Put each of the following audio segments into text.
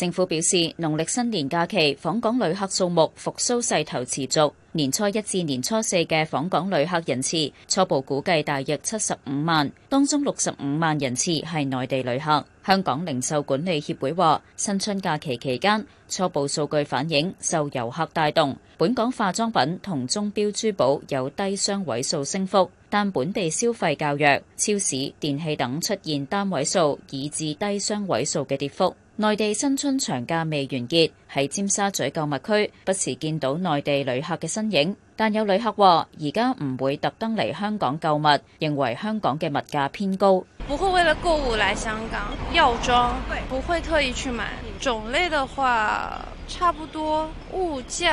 政府表示，農曆新年假期訪港旅客數目復蘇勢頭持續。年初一至年初四嘅訪港旅客人次初步估計大約七十五萬，當中六十五萬人次係內地旅客。香港零售管理協會話，新春假期期間初步數據反映受遊客帶動，本港化妝品同鐘表珠寶有低雙位數升幅，但本地消費較弱，超市、電器等出現單位數以至低雙位數嘅跌幅。內地新春長假未完結，喺尖沙咀購物區不時見到內地旅客嘅身影，但有旅客話：而家唔會特登嚟香港購物，認為香港嘅物價偏高。不會為了購物來香港，藥妝不會特意去買。種類的話，差不多，物價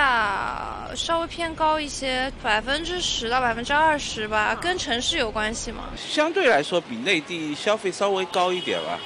稍微偏高一些，百分之十到百分之二十吧。跟城市有關係嗎？相對來說，比內地消費稍微高一點吧。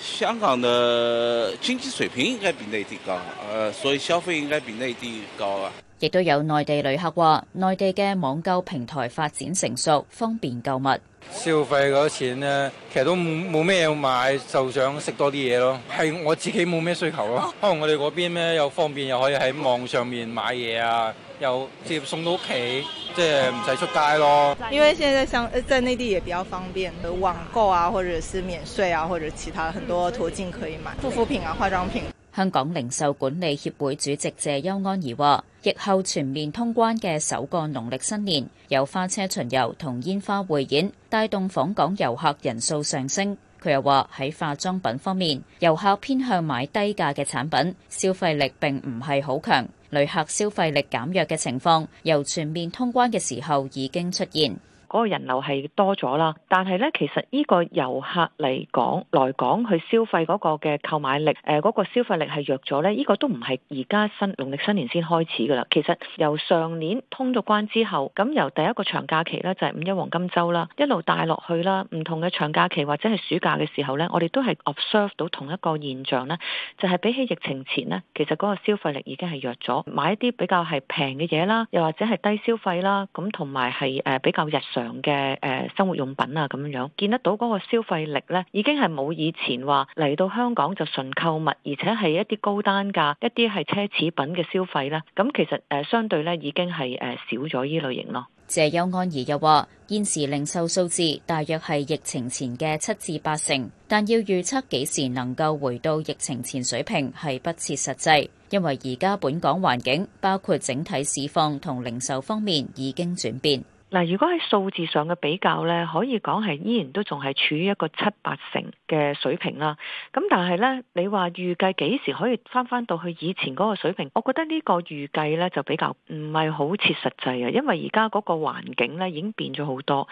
香港嘅經濟水平應該比內地高，呃，所以消費應該比內地高啊。亦都有內地旅客話，內地嘅網購平台發展成熟，方便購物。消費嗰啲錢呢，其實都冇冇咩要買，就想食多啲嘢咯。係我自己冇咩需求咯，可能我哋嗰邊呢又方便，又可以喺網上面買嘢啊。又直接送到屋企，即係唔使出街咯。因為現在在內地也比較方便，網購啊，或者是免稅啊，或者其他很多途徑可以買護膚品啊、化妝品。香港零售管理協會主席謝邱安儀話，疫後全面通關嘅首個農曆新年，有花車巡遊同煙花匯演，帶動訪港遊客人數上升。佢又話，喺化妝品方面，遊客偏向買低價嘅產品，消費力並唔係好強。旅客消費力減弱嘅情況，由全面通關嘅時候已經出現。嗰、那個人流係多咗啦，但係呢，其實呢個遊客嚟講，來港去消費嗰個嘅購買力，嗰、呃那個消費力係弱咗呢。呢個都唔係而家新，農曆新年先開始噶啦。其實由上年通咗關之後，咁由第一個長假期呢，就係、是、五一黃金周啦，一路帶落去啦，唔同嘅長假期或者係暑假嘅時候呢，我哋都係 observe 到同一個現象呢就係、是、比起疫情前呢，其實嗰個消費力已經係弱咗，買一啲比較係平嘅嘢啦，又或者係低消費啦，咁同埋係誒比較日常。嘅誒生活用品啊，咁樣樣見得到嗰個消費力咧，已經係冇以前話嚟到香港就純購物，而且係一啲高單價、一啲係奢侈品嘅消費啦。咁其實誒相對咧已經係誒少咗依類型咯。謝邱安儀又話現時零售數字大約係疫情前嘅七至八成，但要預測幾時能夠回到疫情前水平係不切實際，因為而家本港環境包括整體市況同零售方面已經轉變。嗱，如果喺數字上嘅比較咧，可以講係依然都仲係處於一個七八成嘅水平啦。咁但係咧，你話預計幾時可以翻翻到去以前嗰個水平？我覺得呢個預計咧就比較唔係好切實際啊。因為而家嗰個環境咧已經變咗好多，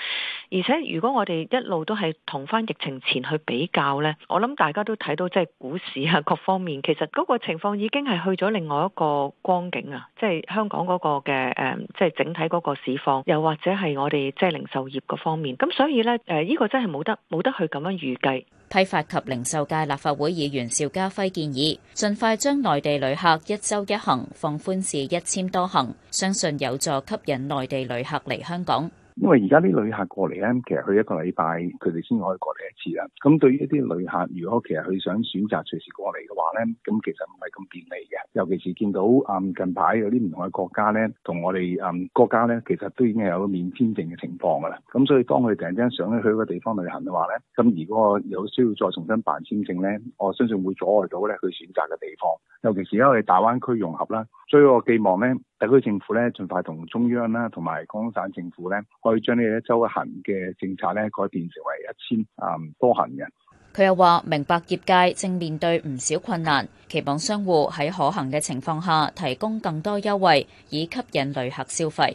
而且如果我哋一路都係同翻疫情前去比較咧，我諗大家都睇到即係股市啊、各方面，其實嗰個情況已經係去咗另外一個光景啊。即係香港嗰個嘅誒即係整體嗰個市況又或者。或係我哋即係零售業個方面咁，所以咧誒，呢個真係冇得冇得去咁樣預計。批發及零售界立法會議員邵家輝建議，盡快將內地旅客一周一行放寬至一簽多行，相信有助吸引內地旅客嚟香港。因為而家啲旅客過嚟咧，其實去一個禮拜佢哋先可以過嚟一次啦。咁對於一啲旅客，如果其實佢想選擇隨時過嚟嘅話咧，咁其實唔係咁便利嘅。尤其是見到啊、嗯、近排有啲唔同嘅國家咧，同我哋啊、嗯、國家咧，其實都已經係有個免簽證嘅情況噶啦。咁所以當佢哋突然間想去一個地方旅行嘅話咧，咁如果我有需要再重新辦簽證咧，我相信會阻礙到咧佢選擇嘅地方。尤其是因為我哋大灣區融合啦，所以我寄望咧。特區政府咧，盡快同中央啦，同埋廣東省政府咧，可以將呢一周一行嘅政策咧，改變成為一簽多行人。佢又話：明白業界正面對唔少困難，期望商戶喺可行嘅情況下，提供更多優惠，以吸引旅客消費。